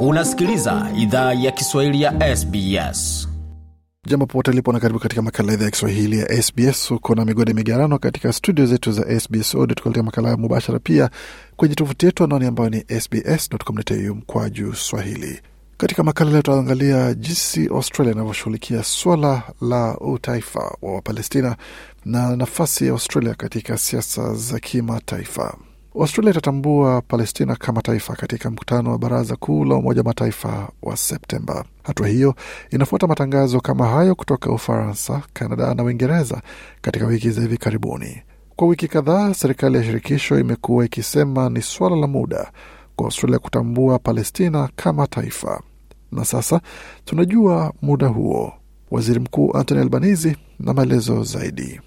Unasikiliza idhaa ya Kiswahili ya SBS. Jambo popote lipo na karibu katika makala idhaa ya Kiswahili ya SBS. Uko na migode migarano katika studio zetu za SBS Audio, tukaletea makala mubashara pia kwenye tovuti yetu anaoni ambayo ni sbscu mkwa juu swahili. Katika makala leo tutaangalia jinsi Australia inavyoshughulikia swala la utaifa wa Wapalestina na nafasi ya Australia katika siasa za kimataifa. Australia itatambua Palestina kama taifa katika mkutano wa Baraza Kuu la Umoja Mataifa wa Septemba. Hatua hiyo inafuata matangazo kama hayo kutoka Ufaransa, Kanada na Uingereza katika wiki za hivi karibuni. Kwa wiki kadhaa, serikali ya shirikisho imekuwa ikisema ni swala la muda kwa Australia kutambua Palestina kama taifa, na sasa tunajua muda huo Waziri Mkuu Anthony Albanese na maelezo zaidi.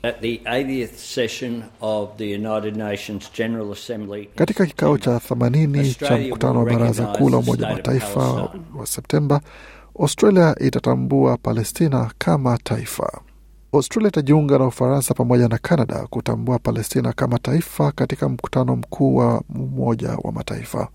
Katika kikao cha 80 cha mkutano wa baraza kuu la Umoja wa Mataifa wa Septemba, Australia itatambua Palestina kama taifa. Australia itajiunga na Ufaransa pamoja na Canada kutambua Palestina kama taifa katika mkutano mkuu wa Umoja wa Mataifa.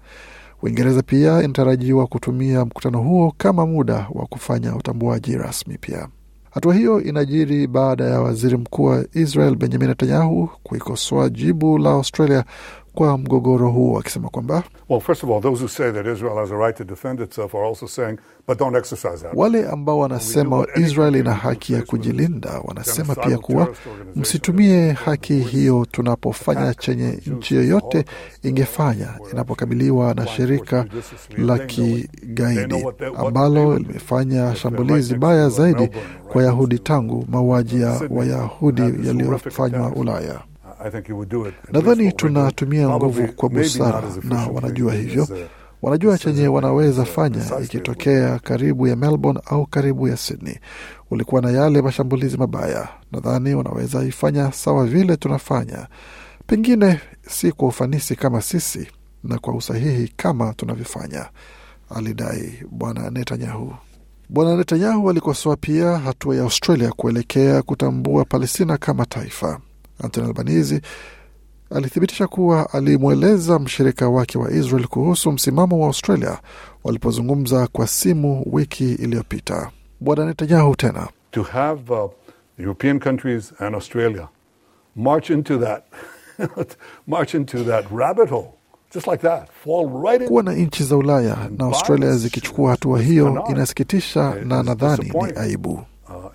Uingereza pia inatarajiwa kutumia mkutano huo kama muda wa kufanya utambuaji rasmi pia. Hatua hiyo inajiri baada ya waziri mkuu wa Israel Benjamin Netanyahu kuikosoa jibu la Australia kwa mgogoro huo akisema kwamba well, right Wale ambao wanasema Israel ina haki ya kujilinda wanasema pia kuwa msitumie haki hiyo tunapofanya chenye nchi yoyote ingefanya inapokabiliwa na shirika la kigaidi ambalo limefanya shambulizi baya zaidi kwa Yahudi tangu mauaji ya Wayahudi yaliyofanywa Ulaya. Nadhani tunatumia nguvu kwa busara, na wanajua hivyo, uh, wanajua uh, chenye wanaweza uh, fanya. Ikitokea karibu ya Melbourne au karibu ya Sydney ulikuwa na yale mashambulizi mabaya, nadhani wanaweza ifanya sawa vile tunafanya, pengine si kwa ufanisi kama sisi na kwa usahihi kama tunavyofanya, alidai Bwana Netanyahu. Bwana Netanyahu alikosoa pia hatua ya Australia kuelekea kutambua Palestina kama taifa. Anthony Albanese alithibitisha kuwa alimweleza mshirika wake wa Israel kuhusu msimamo wa Australia walipozungumza kwa simu wiki iliyopita. Bwana Netanyahu tena to have uh, European countries and Australia march into that march into that rabbit hole Just like that. Fall right in. Kuwa na nchi za Ulaya na Australia zikichukua hatua hiyo inasikitisha na nadhani ni aibu.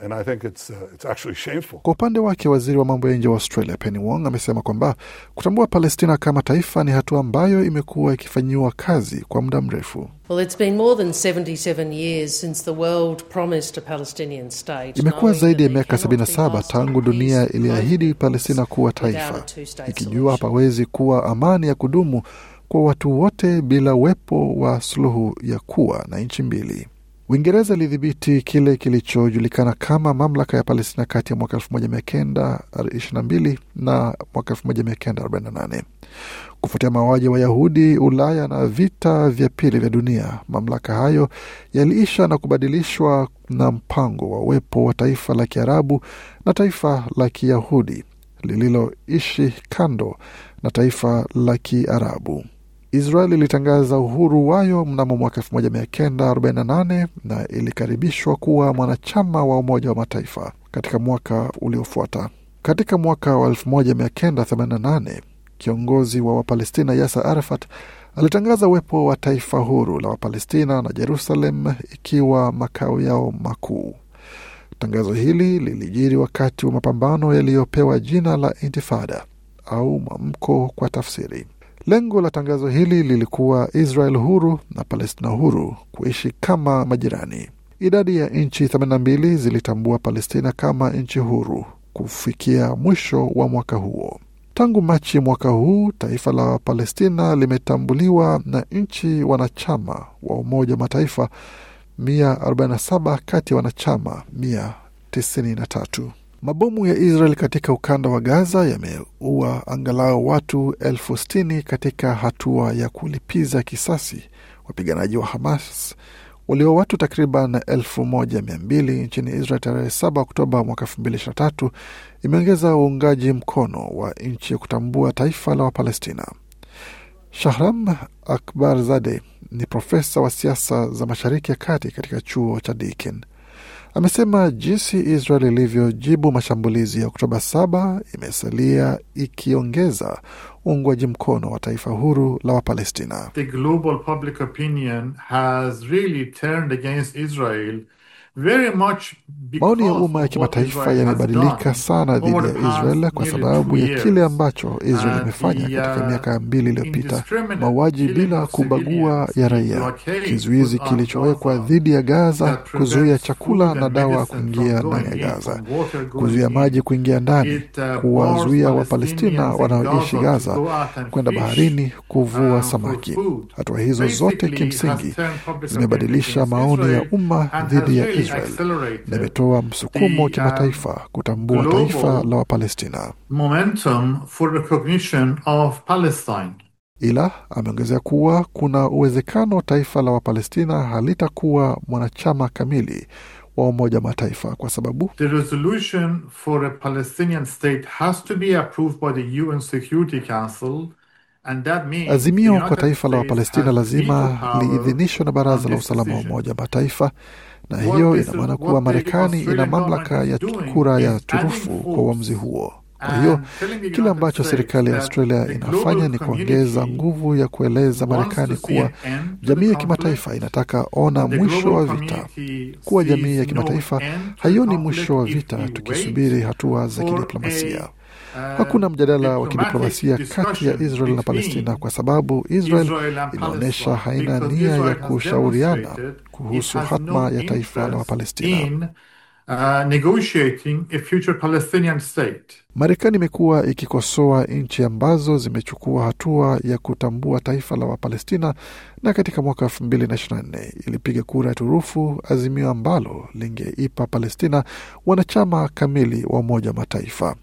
And I think it's, uh, it's actually shameful. Kwa upande wake waziri wa mambo ya nje wa Australia Penny Wong amesema kwamba kutambua Palestina kama taifa ni hatua ambayo imekuwa ikifanyiwa kazi kwa muda mrefu. Well, Imekuwa zaidi ya miaka 77 tangu dunia iliahidi Palestina kuwa taifa, ikijua hapawezi kuwa amani ya kudumu kwa watu wote bila uwepo wa suluhu ya kuwa na nchi mbili. Uingereza ilidhibiti kile kilichojulikana kama mamlaka ya Palestina kati ya mwaka 1922 na mwaka 1948 kufuatia mauaji wa Wayahudi Ulaya na vita vya pili vya dunia. Mamlaka hayo yaliisha na kubadilishwa na mpango wa uwepo wa taifa la Kiarabu na taifa la Kiyahudi lililoishi kando na taifa la Kiarabu. Israel ilitangaza uhuru wayo mnamo mwaka 1948 na ilikaribishwa kuwa mwanachama wa Umoja wa Mataifa katika mwaka uliofuata. Katika mwaka wa 1988 kiongozi wa Wapalestina Yasser Arafat alitangaza uwepo wa taifa huru la Wapalestina na Jerusalem ikiwa makao yao makuu. Tangazo hili lilijiri wakati wa mapambano yaliyopewa jina la Intifada au mwamko kwa tafsiri. Lengo la tangazo hili lilikuwa Israel huru na Palestina huru kuishi kama majirani. Idadi ya nchi 82 zilitambua Palestina kama nchi huru kufikia mwisho wa mwaka huo. Tangu Machi mwaka huu, taifa la Palestina limetambuliwa na nchi wanachama wa Umoja wa Mataifa 147 kati ya wanachama 193. Mabomu ya Israel katika ukanda wa Gaza yameua angalau watu elfu sitini katika hatua ya kulipiza kisasi. Wapiganaji wa Hamas walio watu takriban elfu moja mia mbili nchini Israel tarehe 7 Oktoba mwaka 2023 imeongeza uungaji mkono wa nchi ya kutambua taifa la Wapalestina. Shahram Zade ni profesa wa siasa za Mashariki ya Kati katika chuo cha Deakin amesema jinsi Israel ilivyojibu mashambulizi ya Oktoba saba imesalia ikiongeza uungwaji mkono wa taifa huru la Wapalestina. Maoni ya umma ya kimataifa yamebadilika sana dhidi ya Israel kwa sababu ya kile ambacho Israel imefanya katika uh, miaka mbili iliyopita, mauaji bila kubagua ya raia, kizuizi kilichowekwa dhidi ya Gaza kuzuia chakula na dawa kuingia ndani ya Gaza, kuzuia maji kuingia ndani, uh, kuwazuia Wapalestina wanaoishi Gaza kwenda baharini kuvua uh, samaki. Hatua hizo zote kimsingi zimebadilisha maoni ya umma dhidi ya Israel limetoa msukumo wa uh, kimataifa kutambua taifa la Wapalestina, ila ameongezea kuwa kuna uwezekano taifa la Wapalestina halitakuwa mwanachama kamili wa Umoja wa Mataifa kwa sababu azimio kwa taifa la Wapalestina lazima liidhinishwe na Baraza la Usalama wa Umoja wa Mataifa na hiyo ina maana kuwa Marekani ina mamlaka ya kura ya turufu kwa uamuzi huo. Kwa hiyo kile ambacho serikali ya Australia inafanya ni kuongeza nguvu ya kueleza Marekani kuwa jamii ya kimataifa inataka ona mwisho wa vita, kuwa jamii ya kimataifa haioni mwisho wa vita tukisubiri hatua za kidiplomasia. Uh, Hakuna mjadala wa kidiplomasia kati ya Israel na Palestina kwa sababu Israel, Israel inaonyesha haina nia ya kushauriana kuhusu hatma ya taifa la Wapalestina. Uh, Marekani imekuwa ikikosoa nchi ambazo zimechukua hatua ya kutambua taifa la Wapalestina na katika mwaka nne ilipiga kura ya turufu azimio ambalo lingeipa Palestina wanachama kamili wa Umoja wa Mataifa.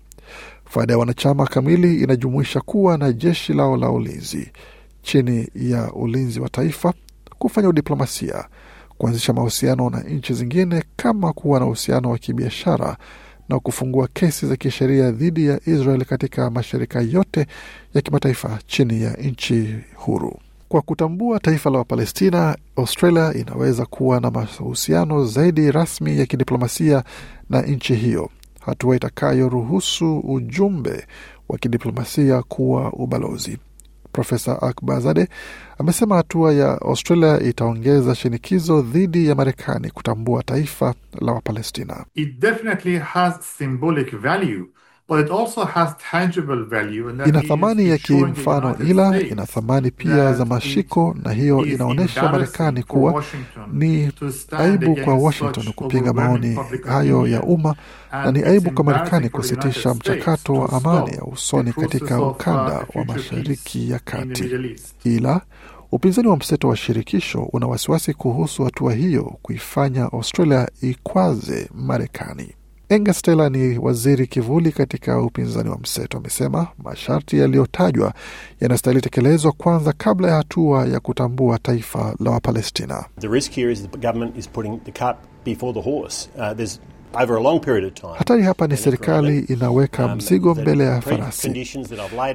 Faida ya wanachama kamili inajumuisha kuwa na jeshi lao la ulinzi chini ya ulinzi wa taifa, kufanya udiplomasia, kuanzisha mahusiano na nchi zingine kama kuwa na uhusiano wa kibiashara na kufungua kesi za kisheria dhidi ya Israel katika mashirika yote ya kimataifa chini ya nchi huru. Kwa kutambua taifa la Wapalestina, Australia inaweza kuwa na mahusiano zaidi rasmi ya kidiplomasia na nchi hiyo hatua itakayoruhusu ujumbe wa kidiplomasia kuwa ubalozi. Profesa Akbazade amesema hatua ya Australia itaongeza shinikizo dhidi ya Marekani kutambua taifa la Wapalestina. It definitely has symbolic value Ina thamani ya kimfano ila ina thamani pia za mashiko, na hiyo inaonyesha Marekani kuwa ni aibu kwa Washington kupinga maoni hayo ya umma, na ni aibu kwa Marekani kusitisha mchakato wa amani ya usoni katika uh, ukanda wa Mashariki ya Kati. Ila upinzani wa mseto wa shirikisho una wasiwasi kuhusu hatua hiyo kuifanya Australia ikwaze Marekani. Engastela ni waziri kivuli katika upinzani wa mseto, amesema masharti yaliyotajwa yanastahili tekelezwa kwanza kabla ya hatua ya kutambua taifa la Wapalestina. Hatari hapa ni serikali inaweka um, mzigo mbele ya farasi.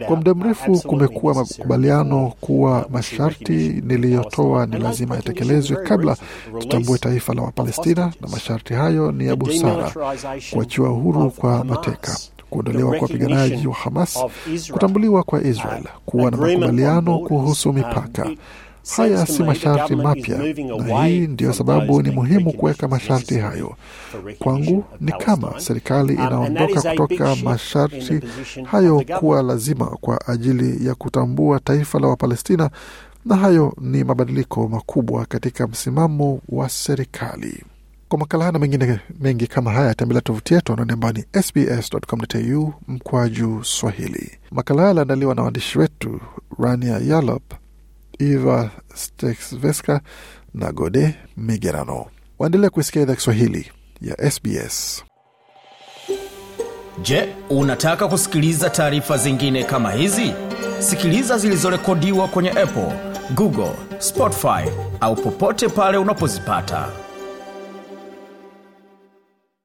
Kwa muda mrefu kumekuwa makubaliano um, kuwa masharti niliyotoa ni lazima yatekelezwe kabla tutambue taifa la Wapalestina, na masharti hayo ni ya busara: kuachiwa uhuru kwa mateka kuondolewa kwa wapiganaji wa Hamas, kutambuliwa kwa uh, Israel, kuwa na makubaliano kuhusu um, mipaka Haya si masharti mapya, na hii ndiyo sababu ni muhimu kuweka masharti hayo. Kwangu ni kama serikali um, inaondoka kutoka masharti hayo kuwa lazima kwa ajili ya kutambua taifa la Wapalestina, na hayo ni mabadiliko makubwa katika msimamo wa serikali. Kwa makala haya na mengine mengi kama haya, tembelea tovuti yetu anaone ambao ni sbs.com.au mkwaju Swahili. Makala haya aliandaliwa na waandishi wetu Rania Yalop iva Stexveska na Gode Migerano. Waendelea kuisikia idhaa Kiswahili ya SBS. Je, unataka kusikiliza taarifa zingine kama hizi? Sikiliza zilizorekodiwa kwenye Apple, Google, Spotify au popote pale unapozipata.